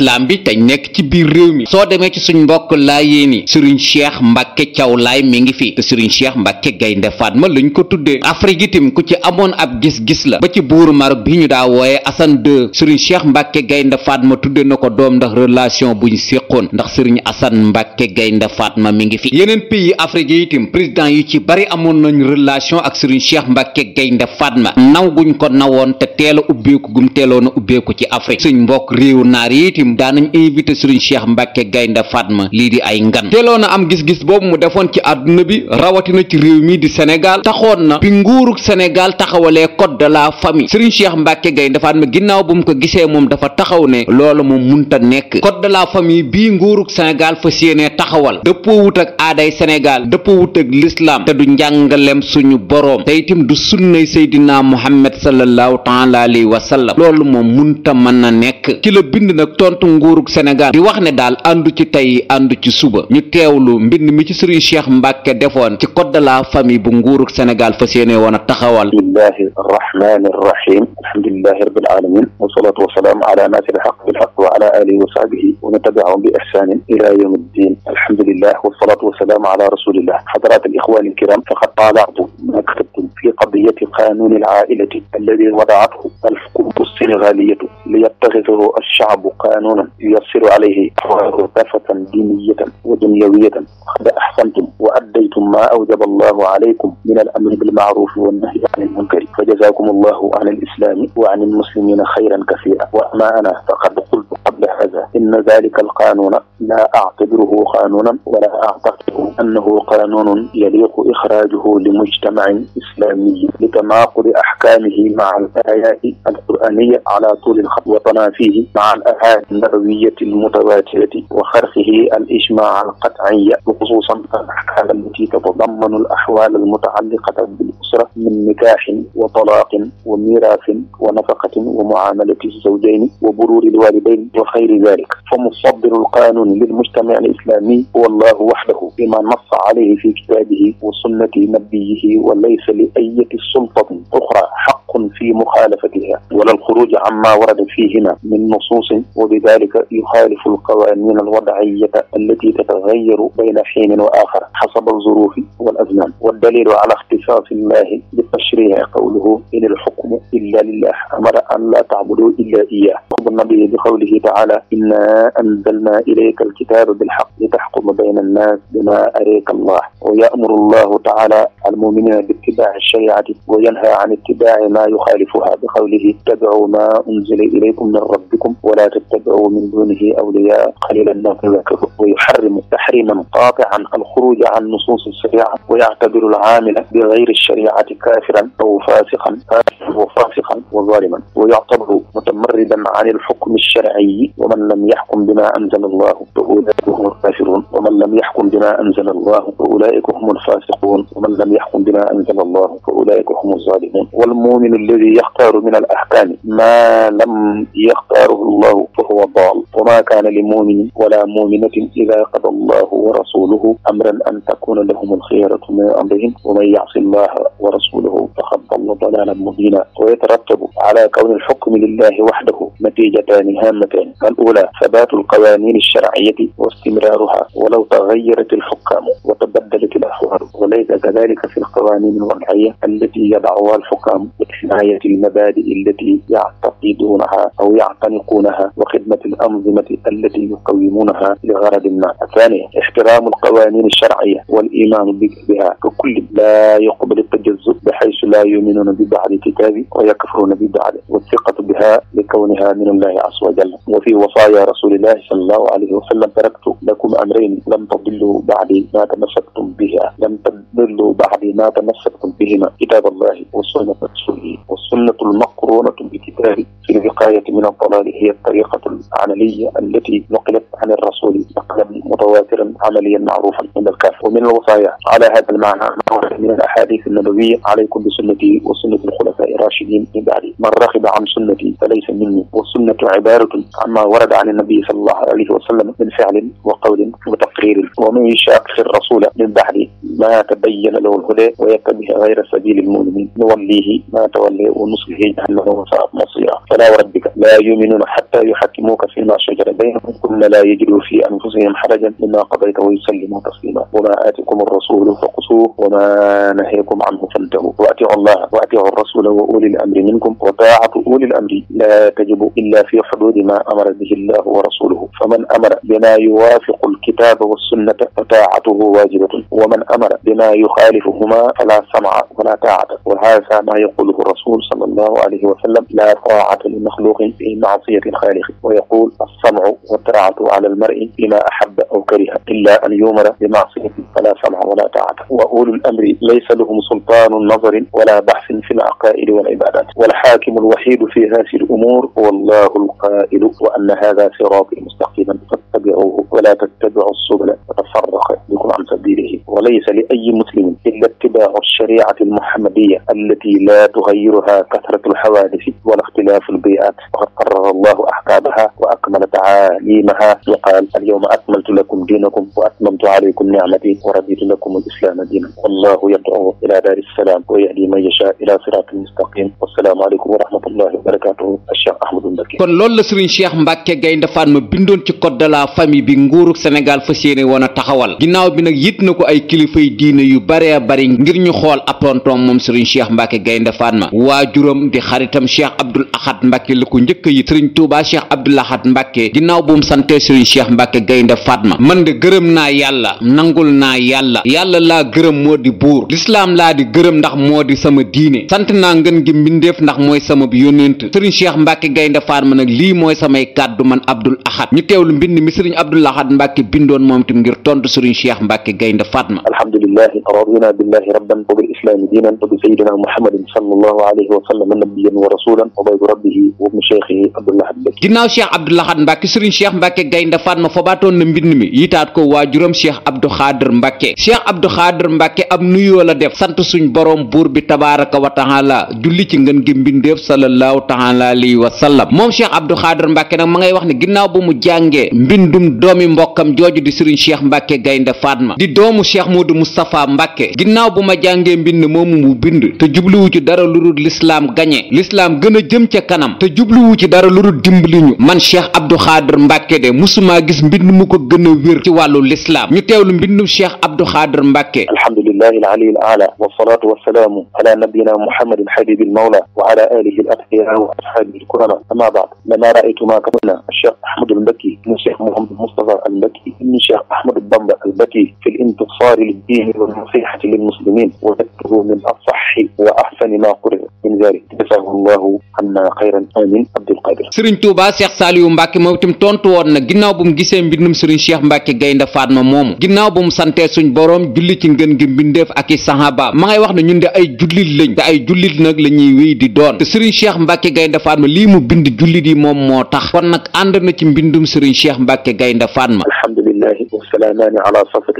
lislaam bi te nekk ci biir réew mi soo demee ci suñ mbokk laa yéeni sëriñ cheikh mbàkke cawlaay mi ngi fi te sëriñ cheikh mbàkke gaynde faatma lañ ko tuddee afrique itam ku ci amoon ab gis-gis la ba ci buur mar bi ñu daa wooye Assane II sëriñ cheikh mbàkke gaynde faatma tuddee na ko doom ndax relation buñ séqoon ndax sëriñ Assane mbàkke gaynde faatma mi ngi fi yeneen pays afrique yi itam président yi ci bari amoon nañu relation ak sëriñ cheikh mbakke gaynde faatma naw guñ ko nawoon te teel daanañ invité sëriñ cheikh mbàkke gaynde fatma lii di ay ngan teeloon na am gis-gis boobu mu defoon ci àdduna bi rawatina ci réew mii di sénégal taxoon na bi nguuruk sénégal taxawalee code de la famille sëriñ cheikh mbàkke gaynde fatma ginnaaw bu mu ko gisee moom dafa taxaw ne loolu moom munta nekk code de la famille bii nguurug sénégal fa séenee taxawal dëppoo wut ak aaday sénégal dëppoo wut ak lislaam te du njàngalem suñu boroom te itam du sunnay seydina muhammad sallallahu taala alayhi wa sallam loolu moom munta mën na nekk ci bind nag nguurug Sénégal di wax ne daal àndu ci tey àndu ci suba ñu teewlu mbind mi ci sëriñ Cheikh Mbacke defoon ci code de la famille bu nguurug Sénégal fas yéene woon a taxawal bismillahi arrahmani arrahim alhamdulilahi rabbil alamin wasalatu wasalaamu ala naasir alxaq bilxaq wa ala alihi wa sahbihi wa man tabiahum bi ihsanin ila yawm iddin alhamdulilah wasalatu wasalaamu ala rasulillah xadrat alixwan alkiram faqad taalaatu في قضية قانون العائلة الذي وضعته الحكومة السنغالية ليتخذه الشعب قانونا يسر عليه ثقافة دينية ودنيوية قد أحسنتم وأديتم ما أوجب الله عليكم من الأمر بالمعروف والنهي عن المنكر فجزاكم الله عن الإسلام وعن المسلمين خيرا كثيرا وأما أنا فقد قلت هذا إن ذلك القانون لا أعتبره قانونا ولا أعتقد أنه قانون يليق إخراجه لمجتمع إسلامي لتناقض أحكامه مع الآيات القرآنية على طول الخط وتنافيه مع الآيات النبوية المتواترة وخرقه الإجماع القطعي وخصوصا الأحكام التي تتضمن الأحوال المتعلقة بالأسرة من نكاح وطلاق وميراث ونفقة ومعاملة الزوجين وبرور الوالدين وخير خير ذلك فمصدر القانون للمجتمع الإسلامي هو الله وحده بما نص عليه في كتابه وسنة نبيه وليس لأية سلطة أخرى حق حق في مخالفتها ولا الخروج عما ورد فيهما من نصوص وبذلك يخالف القوانين الوضعية التي تتغير بين حين وآخر حسب الظروف والأزمان والدليل على اختصاص الله بالتشريع قوله إن الحكم إلا لله أمر أن لا تعبدوا إلا إياه وقبلنا به بقوله تعالى إنا أنزلنا إليك الكتاب بالحق لتحكم بين الناس بما أريك الله ويأمر الله تعالى المؤمنين باتباع الشريعة وينهى عن اتباع ما maa yuxaalifuha bi qawlihi ittabicu maa unzila ilaykum min rabbikum wala tattabicu min dunihi awliyaa qalilan ma tadakkarun wa yuxarrimu taxriman qaatican alxuruuja can nusuus alshariica wa yactabiru alcaamila bigayri alshariicati kaafiran aw faasiqan aw faasiqan wa zaaliman wa yuctabaru mutamarridan can alxukmi alsharciyi wa man lam yaxkum bimaa anzala allahu fa ulaaika hum alkaafiruun wa man lam yaxkum bimaa anzala allahu fa ulaaika hum alfaasiquun wa man lam yaxkum bimaa anzala allahu fa ulaaika hum alzaalimuun المؤمن الذي يختار من الأحكام ما لم يختاره الله فهو ضال وما كان لمؤمن ولا مؤمنة إذا قضى الله ورسوله أمرا أن تكون لهم الخيرة من أمرهم ومن يعص الله ورسوله فقد ضل ضلالا مبينا ويترتب على كون الحكم لله وحده نتيجتان هامتان الأولى ثبات القوانين الشرعية واستمرارها ولو تغيرت الحكام وتبدلت الأحوال وليس كذلك في القوانين الوضعية التي يضعها الحكام رعاية المبادئ التي يعتقدونها أو يعتنقونها وخدمة الأنظمة التي يقومونها لغرض ما الثاني احترام القوانين الشرعية والإيمان بها ككل لا يقبل التجزؤ بحيث لا يؤمنون ببعض كتابه ويكفرون ببعض والثقة بها لكونها من الله عز وجل وفي وصايا رسول الله صلى الله عليه وسلم تركت لكم أمرين لم تضلوا بعد ما تمسكتم بها لم تضلوا بعد ما تمسكتم بهما كتاب الله وسنة رسوله العملي والسنة المقرونة بكتاب في الوقاية من الضلال هي الطريقة العملية التي نقلت عن الرسول نقلا متواترا عمليا معروفا عند الكافر ومن الوصايا على هذا المعنى من الأحاديث النبوية عليكم بسنتي وسنة الخلفاء الراشدين من بعدي من رغب عن سنتي فليس مني والسنة عبارة عما ورد عن النبي صلى الله عليه وسلم من فعل وقول وتقرير ومن يشاقق الرسول من بعدي ما تبين له الهدى ويتبع غير سبيل المؤمنين نوليه ما تولي ونصله جهنم وساءت مصيرا فلا وربك لا يؤمنون حتى يحكموك فيما شجر بينهم ثم لا يجدوا في انفسهم حرجا مما قضيت ويسلموا تسليما وما اتكم الرسول فقصوه وما نهيكم عنه فانتهوا واطيعوا الله واطيعوا الرسول واولي الامر منكم وطاعه اولي الامر لا تجب الا في حدود ما امر به الله ورسوله فمن امر بما يوافق الكتاب والسنه فطاعته واجبه ومن أمر amara bimaa yuxaalifuhumaa alaa samaa wala taata wa haazaa maa yaquluhu rasul sallallahu alayhi wa sallam laa taata li maxluqin fi maasiyati alxaaliqi wa yaqul alsamcu wa taatu ala almari bimaa ahaba aw kariha illa an yumara bi maasiyati fala samca wala taata wa ulul amri laysa lahum sultaanu nazarin wala baxsin fi alaqaaidi wal ibadat walxaakimu alwaxiidu fi haadihi alumuur huwa allahu alqaa'ilu wa anna haazaa siraatii mustaqiman fattabicuuhu wala tattabicu subula fatafarraqa bikum an sabiilihi ليس لأي مسلم إلا اتباع الشريعة المحمدية التي لا تغيرها كثرة الحوادث ولا اختلاف البيئات وقد قرر الله أحكامها وأكمل تعاليمها وقال اليوم أكملت لكم دينكم وأتممت عليكم نعمتي ورضيت لكم الإسلام دينا والله يدعو إلى دار السلام ويهدي من يشاء إلى صراط المستقيم والسلام عليكم ورحمة الله وبركاته الشيخ أحمد Mbacké kon loolu la Serigne Cheikh Mbacké Gaïndé Fatma bindoon ci code de la famille bi nguurug Sénégal fas yéene woon a taxawal ginnaaw bi nag yit na ko ay kilifa kilifay diine yu bare bari ngir ñu xool ab moom sëriñ cheikh mbàkke gaynde waa waajuram di xaritam cheikh abdul ahad mbàkke la ko njëkk yi sëriñ tuuba cheikh abdul ahad mbàkke ginnaaw bu mu sante sëriñ cheikh mbàkke gaynde fatma man de gërëm naa yàlla nangul naa yàlla yàlla laa gërëm moo di buur lislaam laa di gërëm ndax moo di sama diine sant naa ngën gi mbindeef ndax mooy sama bi yónnent sëriñ cheikh mbàkke gaynde fatma nag lii mooy samay kàddu man abdul ahad ñu teewlu mbind mi sëriñ abdul ahad mbàkke bindoon moom tam ngir tontu sëriñ cheikh mbàkke gaynde alhamdulillahi radina billahi rabban wa bil islami diinan wa bi sayidina muhammadin sallallahu alayhi wa sallam nabiyan wa rasulan wa baydu rabbihi wa ibnu cheikhihi abdoulahad Mbacke ginnaaw cheikh abdoulahad Mbacke sëriñ cheikh Mbacke gaynde Fatma fobaatoon na mbind mi yitaat ko waajuram cheikh abdou xaadir Mbacke cheikh abdou xaadir Mbacke la def sant suñ boroom buur bi tabaraka wa taala julli ci ngën gi mbindeef sallallahu taala alayhi wa sallam moom cheikh abdou xaadir Mbacke nag ma ngay wax ne ginnaaw bu mu jàngee mbindum doomi mbokkam jooju di sëriñ cheikh Mbacke gaynde Fatma Moustapha Mbàkke ginnaaw bu ma jàngee mbind moomu mu bind te jubluwu ci dara lu dul lislaam gañe lislaam gën a jëm ca kanam te jubluwu ci dara lu dul dimbali ñu man cheikh Abdou Xaadir Mbàkke de musumaa gis mbind mu ko gën a wér ci wàllu lislaam ñu teewlu mbindum cheikh Abdou Khadr Mbacke alhamdulillahi al-aliyyi al-a'la wa salatu wa salamu ala nabiyyina muhammadin habibil mawla wa ala alihi al-athiya wa ashabihi al-kurama amma ba'd lama ra'aytu ma kana الشيخ أحمد البكي من الشيخ محمد مصطفى البكي من الشيخ أحمد بامبا البكي في الانتصار للدين والنصيحة للمسلمين وجدته من أصح وأحسن ما قرئ من ذلك جزاه الله عنا خيرا آمين عبد القادر Serigne Touba Cheikh Saliou Mbacke moom itam tontu woon na ginnaaw bu mu gisee mbindum Serigne Cheikh Mbacke Gaynde Fatma moomu ginnaaw bu mu santee suñ seen boroom julli ci ngën gi mbindeef ak i sahaba ma ngay wax na ñun de ay jullit lañ te ay jullit nag la ñuy wéy di doon te sëriñ cheikh mbàkke gaynde faatma lii mu bind jullit yi moom moo tax kon nag ànd na ci mbindum sëriñ cheikh mbàkke gaynde faatma lillahi wa salaamaani ala safati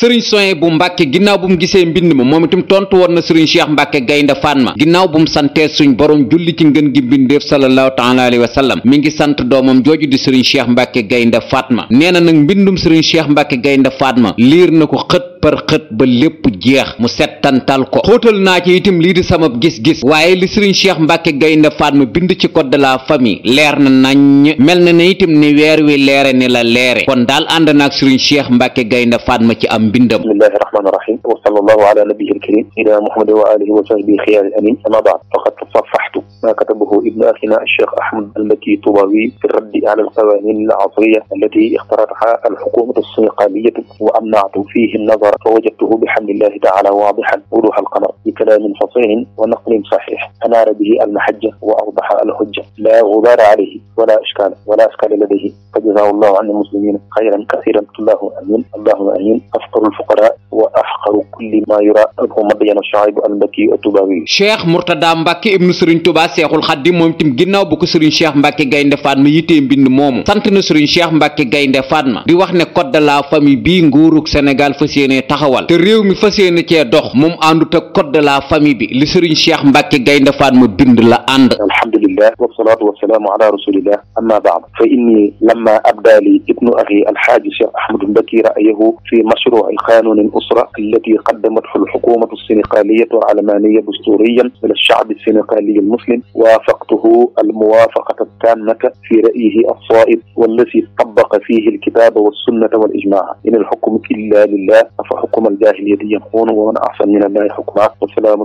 sëriñ soye bu mbàkke ginnaaw bu mu gisee mbind ma moom itam tontu woon na sëriñ cheikh mbàkke gaynde ma ginnaaw bu mu santee suñ borom julli ci ngën gi mbindeef sallallahu taala alayhi wa mi ngi sant doomam jooju di sëriñ cheikh mbàkke gaynde faat ma nee na nag mbindum sëriñ cheikh mbàkke gaynde Fatma liir na ko xët par xët ba lépp jeex mu settantal ko xóotal naa ci itam lii di sama gis-gis waaye li sëriñ Cheikh Mbacke Gaynde Fatma bind ci code de la famille leer na nañ mel na ne itam ni weer wi leere ni la leere kon daal ànd naag sëriñ Cheikh Mbacke Gaynde Fatma ci am mbindam bismillahi rahmani rahim wa sallallahu ala nabiyil karim ila muhammadin wa alihi wa sahbihi xiyar amin ama baad faqad tasafaxtu ma katabahu ibnu axina cheikh ahmad almakki tubawi fi raddi ala alqawanin al asriya allati ixtarataha alxukumatu sénégaliyatu wa amnaatu fihi nazar فوجدته بحمد الله تعالى واضحا وضوح القمر بكلام فصيح ونقل صحيح أنار به المحجة وأوضح الحجة لا غبار عليه ولا إشكال ولا إشكال لديه فجزاه الله عن المسلمين خيرا كثيرا الله أمين اللهم أمين أفقر الفقراء wa afqaru kulli ma yura abu madiyan shaibu almbaki atubawi cheikh murtada mbàkke ibnu sëriñ tubaa seexul xaddim moom tim ginnaaw bu ko sëriñ cheikh mbàkke gaynde faatma yitee mbind moomu sant na sëriñ cheikh mbàkke gaynde faatma di wax ne code de la famille bi nguurug sénégal fas yéene taxawal te réew mi fas yéene cee dox moom àndut ak code de la famille bi li sëriñ cheikh mbàkke gaynde faatma bind la ànd alhamdulillah wasalaatu wasalaamu ala rasulillah amma baad fa inni lamma abdaali ibnu axi alxaaji cheikh ahmadu mbaki ra'yahu fi mashru'i qaanunin الأسرة التي قدمته الحكومة السنغالية العلمانية دستوريا إلى الشعب السنغالي المسلم وافقته الموافقة التامة في رأيه الصائب والذي طبق فيه الكتاب والسنة والإجماع إن الحكم إلا لله فحكم الجاهلية يكون ومن أحسن من الله حكما وسلام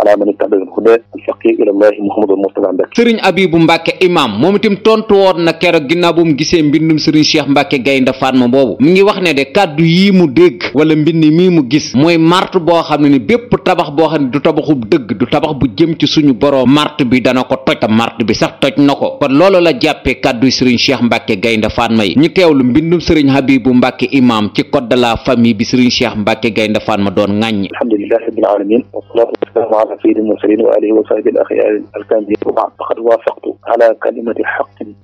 على من اتبع الهدى الفقير إلى الله محمد المرتضى عندك Serigne Abibou Mbacke imam moom itam tontu woon na keroog ginnaaw bu mu gisee mbindum Serigne Cheikh Mbacke Gaynde Fatma boobu mi ngi wax ne de kàddu yi mu dégg wala mbind mii mu gis mooy marte boo xam ne ni bépp tabax boo xam ne du tabaxu dëgg du tabax bu jëm ci suñu boro marte bi dana ko toj te marte bi sax toj na ko kon loolu la jàppee kàdduy sëriñ cheikh mbàkke gaynde fatma yi ñu teewlu mbindum sëriñ habibu mbàkke imam ci code de la famille bi sëriñ cheikh mbàkke gaynde fatma doon ŋàññ alhamdulilah rabbil alamin wasalaatu wasalaamu ala sayyidil mursalin wa alihi wa sahbihi al axyaari alkaamilin wa waafaqtu ala kalimati xaqin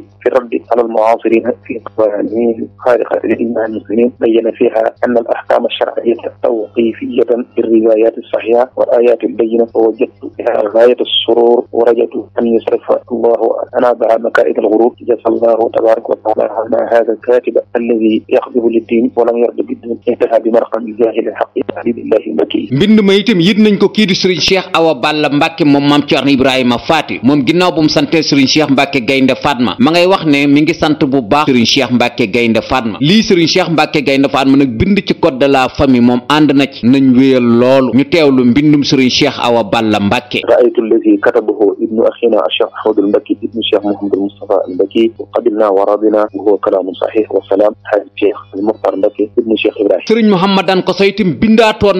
في الرد على المعاصرين في قوانين خارقة لإجماع المسلمين بين فيها أن الأحكام الشرعية توقيفية بالروايات الصحيحة والآيات البينة ووجدت بها غاية السرور ورجت أن يصرف الله أنا بعد مكائد الغرور جزا الله تبارك وتعالى عنا هذا الكاتب الذي يخضب للدين ولم يرضى بالدين انتهى بمرقم الجاهل الحق حبيب الله المكي mbind ma itam yit nañ ko kii di sëriñ Cheikh Awa Balla Mbacke moom maam Thierno Ibrahima Faty moom ginnaaw bu mu santee sëriñ Cheikh Mbacke Gaynde Fatma ma ngay wax ne mi ngi sant bu baax sëriñ cheikh mbàkke gaynde fatma lii sëriñ cheikh mbàkke gaynde fatma nag bind ci code de la famille moom ànd na ci nañ loolu ñu teewlu mbindum sëriñ cheikh awa balla mbàkke raaytu lazi katabahu ibnu axina cheikh ahmadul mbakki ibnu cheikh mohamadul moustapha al mbakki wa qadimna wa radina wa huwa kalaamun sahih wa na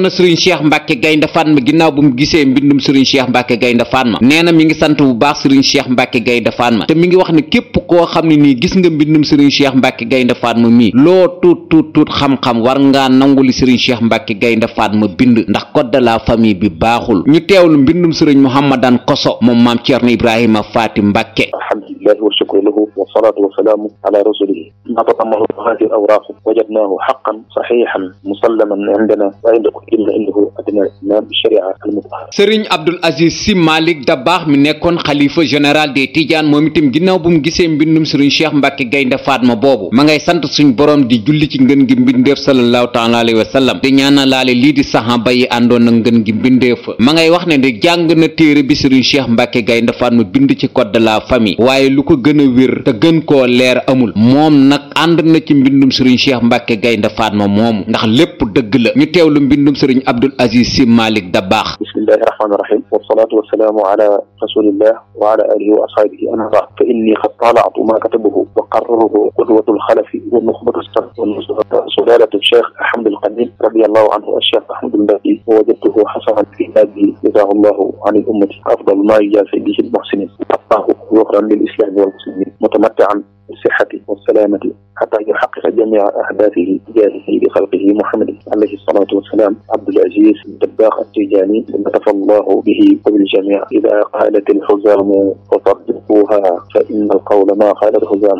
sëriñ cheikh mbàkke gaynde fatma ginnaaw bu mu gisee mbindum sëriñ cheikh mbàkke gaynde fatma nee na mi ngi sant bu baax sëriñ cheikh mbàkke gaynde fatma te mi ngi wax ne képp koo xam ne nii gis nga mbindum sëriñ cheikh mbàkke gaynde faatma mii loo tuut tuut tuut xam-xam war ngaa nangu li sëriñ cheikh mbàkke gaynde faatma bind ndax code de la famille bi baaxul ñu teewlu mbindum sëriñ mouhamadan koso moom maam ceerno ibrahima faati mbàkke alhamdulillahi wa shukru lahu wa salaatu wa salaamu ala rasulihi natatamahu hadi awraafu wajadnaahu xaqan saxiixan musallaman indana wa inda kullina indahu adna imam sharia al mutahhar sëriñ abdul aziz si malik dabaax mi nekkoon xalifa général des tidiane moom itam ginnaaw bu mu gisee mbindum sëriñ cheikh mbàkke gaynde faatma boobu ma ngay sant suñ boroom di julli ci ngën gi mbindeef sallallahu taala alayhi wa sallam di ñaana laale lii di saxaaba yi àndoon na ngën gi mbindeef ma ngay wax ne di jàng na téere bi sëriñ cheikh mbàkke gaynde ma bind ci code de la famille waaye lu ko gën a wér te gën koo leer amul moom nag ànd na ci mbindum sëriñ cheikh mbàkke gaynde ma moomu ndax lépp dëgg la ñu teew lu mbindum sëriñ abdul aziz si malik dabaax bismillahi rahmaani rahim wasalaatu wasalaamu ala rasulillah wa ala طالعت ما كتبه وقرره قدوة الخلف ونخبة السلف سلالة الشيخ أحمد القديم رضي الله عنه الشيخ أحمد الباقي ووجدته حسنا في هذه جزاه الله عن الأمة أفضل ما يجازي به المحسنين أعطاه ظهرا للإسلام والمسلمين متمتعا بالصحة والسلامة xataa yuxaqiqa jamia ahdafihi tijahihi bi xalqihi muhammadin alayhi salatu wassalam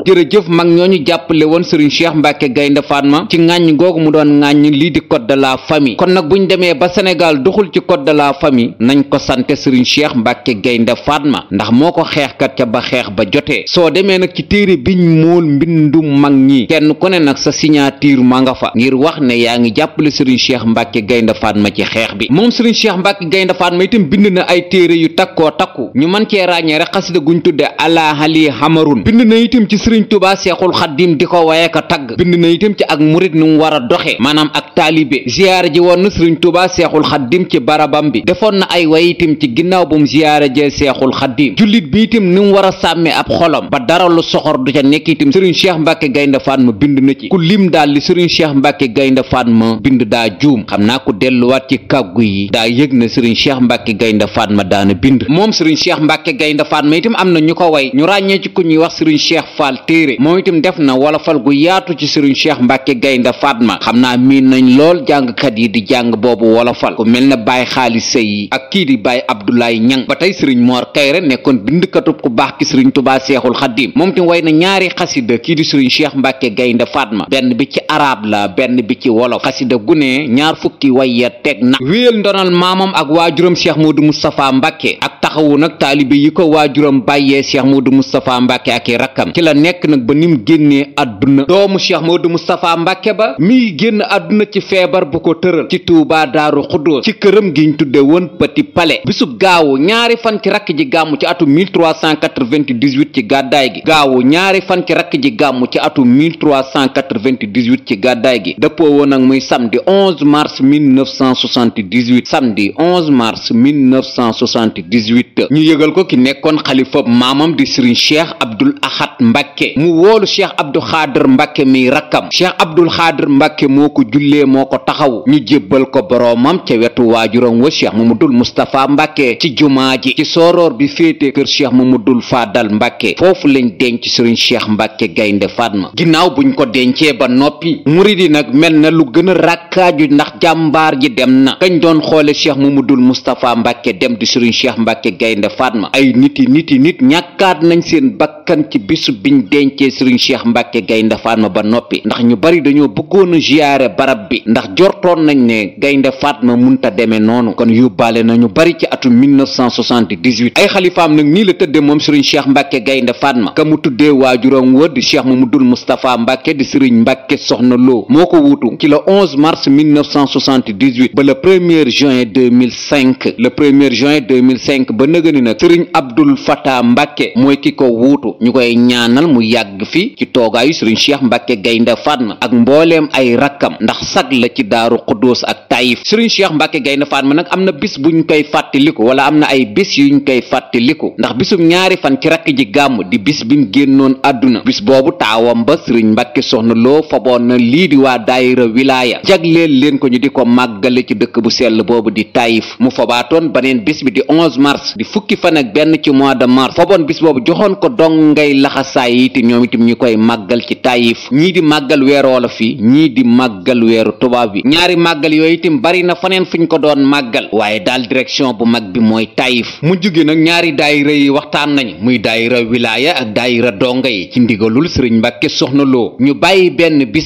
jërëjëf mag ñooñu jàppale woon sëriñ Cheikh Mbacke Gaynde Fatma ci ŋàññ googu mu doon ŋàññ lii di code de la famille kon nag buñ demee ba Sénégal doxul ci code de la famille nañ ko sante sëriñ Cheikh Mbacke Gaynde Fatma ndax moo ko xeexkat ca ba xeex ba jotee soo demee nag ci téere biñ mool mbindum mag ñoom ñii kenn ku ne nag sa signature ma nga fa ngir wax ne yaa ngi jàppale sëriñ cheikh mbàkke gaynde faatma ci xeex bi moom sëriñ cheikh mbàkke gaynde faatma itam bind na ay téere yu takkoo takku ñu man cee ràññee rek xasida guñ tudde ala hali hamarun bind na itam ci sëriñ tubaa seexul xaddim di ko waye ka tagg bind na itam ci ak murit nu mu war a doxe maanaam ak taalibe ziyaara ji woon na sëriñ tubaa seexul xaddim ci barabam bi defoon na ay way itam ci ginnaaw bu mu ziyaara jee seexul xaddim jullit bi itam ni mu war a sàmme ab xolam ba dara lu soxor du ca nekk itam sëriñ cheikh mbàkke gaynde gaynde Fatma bind na ci ku lim daal li sëriñ Cheikh Mbacke gaynde Fatma bind daa juum xam naa ku delluwaat ci kàggu yi daa yëg na sëriñ Cheikh Mbacke gaynde Fatma daana bind moom sëriñ Cheikh Mbacke gaynde Fatma itam am na ñu ko way ñu ràññee ci ku ñuy wax sëriñ Cheikh Fall téere moom itam def na wala fal gu yaatu ci sëriñ Cheikh Mbacke gaynde Fatma xam naa miin nañ lool jàngkat yi di jàng boobu wala fal ku mel na Baye Xaalis Sey ak kii di Baye Abdoulaye Ñang ba tey sëriñ Mor Kayre nekkoon bindkatub ku baax ki sëriñ Tubaa Seexul Xaddiim moom itam way na ñaari xasida kii di sëriñ Cheikh mbàkke gaynde faatma benn bi ci arab la benn bi ci wolof xasida gune ñaar fukki way ya teg na wéyal ndonal maamam ak waajuram cheikh moodu moustapha mbàkke ak taxawu nag taalibe yi ko waajuram bàyyee cheikh moodu moustapha mbàkke ak i rakkam ci la nekk nag ba mu génnee àdduna doomu cheikh moodu moustapha mbàkke ba mi génn àdduna ci feebar bu ko tëral ci tuubaa daaru xuddoos ci këram gi ñu tudde woon petit palais bisub gaawu ñaari fan ci rakk ji gàmmu ci atum 1398 ci gàddaay gi gaawu ñaari ci rakk ji gàmmu ci atu 1398 jullit ci gàddaay gi dëppoo woon ak muy samedi 11 mars 1978 samedi 11 mars 1978 ñu yëgal ko ki nekkoon xalifa maamam di sëriñ cheikh abdul ahad mbàkke mu woolu cheikh abdul xaadir mbàkke miy rakkam cheikh abdul xaadir mbàkke moo ko jullee moo ko taxaw ñu jébbal ko boroomam ca wetu waajuram wa cheikh mamadul mustapha mbàkke ci jumaa ji ci sooroor bi féete kër cheikh mamadul faadal mbàkke foofu lañ denc sëriñ cheikh mbàkke gaynde fatma ginnaaw buñ ko dencee ba noppi yi murid yi nag mel na lu gën a rakkaaju ndax jàmbaar ji dem na kañ doon xoole mu mamadul moustapha mbàkke dem di sëriñ cheikh mbàkke gaynde fatma ay nit yi nit ñàkkaat nañ seen bakkan ci bisu biñ dencee sëriñ cheikh mbàkke gaynde fatma ba noppi ndax ñu bari dañoo bëggoon a ziyaare barab bi ndax jortoon nañ ne gaynde fatma munta demee noonu kon yóbbaale ñu bari ci atum 1978 ay xalifaam nag nii la tëdde moom sëriñ cheikh mbàkke gaynde fatma ka mu tuddee waajuram wa di cheikh dul moustapha mbàkke di sëriñ mbàkke soxna Lo moo ko wuutu ci le 11 mars 1978 ba le 1er juin 2005 le 1er juin 2005 ba nëgëni nag Serigne Abdul Fattah Mbacke mooy ki ko wuutu ñu koy ñaanal mu yàgg fi ci toogaayu Serigne Cheikh Mbacke Gaynde Fatma ak mbooleem ay rakkam ndax sag la ci daaru Xuddoos ak Taïf Serigne Cheikh Mbacke Gaynde Fatma nag am na bis buñ koy fàttaliku wala am na ay bis yuñ koy fàttaliku ndax bisum ñaari fan ci rakk ji gàmm di bis bim génnoon àdduna bis boobu taawam ba Serigne Mbacke soxna Lo faboon waxoon na lii di waa daayira wilaaya jagleel leen ko ñu di ko màggale ci dëkk bu sell boobu di Taïf mu fobaatoon baneen bis bi di 11 mars di fukki fan ak benn ci mois de mars foboon bis boobu joxoon ko dong ngay laxasaay yi te ñoom itam ñu koy màggal ci Taïf ñii di màggal weeru wolof yi ñii di màggal weeru tubaab yi ñaari màggal yooyu itam bari na faneen fuñ ko doon màggal waaye daal direction bu mag bi mooy Taïf mu jóge nag ñaari daayira yi waxtaan nañu muy daayira wilaaya ak daayira donga yi ci ndigalul sëriñ soxna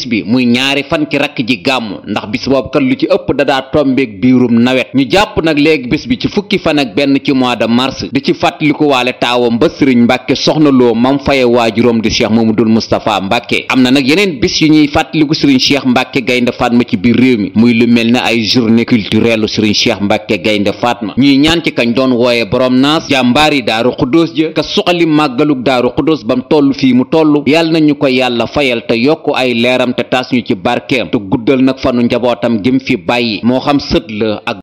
bis bi muy ñaari fan ci rakk ji gàmm ndax bis boobu lu ci ëpp dadaa biirum nawet ñu jàpp nag léegi bis bi ci fukki fan ak benn ci mois de mars di ci fàttaliku waale taawam ba sëriñ mbàkke soxna loo mam faye waajuróom di cheikh mamadul moustapha mbàkke am na nag yeneen bis yu ñuy fàttaliku sëriñ cheikh mbàkke gaynde fatma ci biir réew mi muy lu mel ne ay journée culturelle sëriñ cheikh mbàkke gaynde fatma ñuy ñaan ci kañ doon wooye borom naas jàmbaari daaru xudóos ja ka suqali màggaluk daaru xudóos bam toll fii mu toll yàlla nañu ko yàlla fayal te taas yu ci barkeem te guddal nag fanu njabootam gim fi bàyyi moo xam sët la ak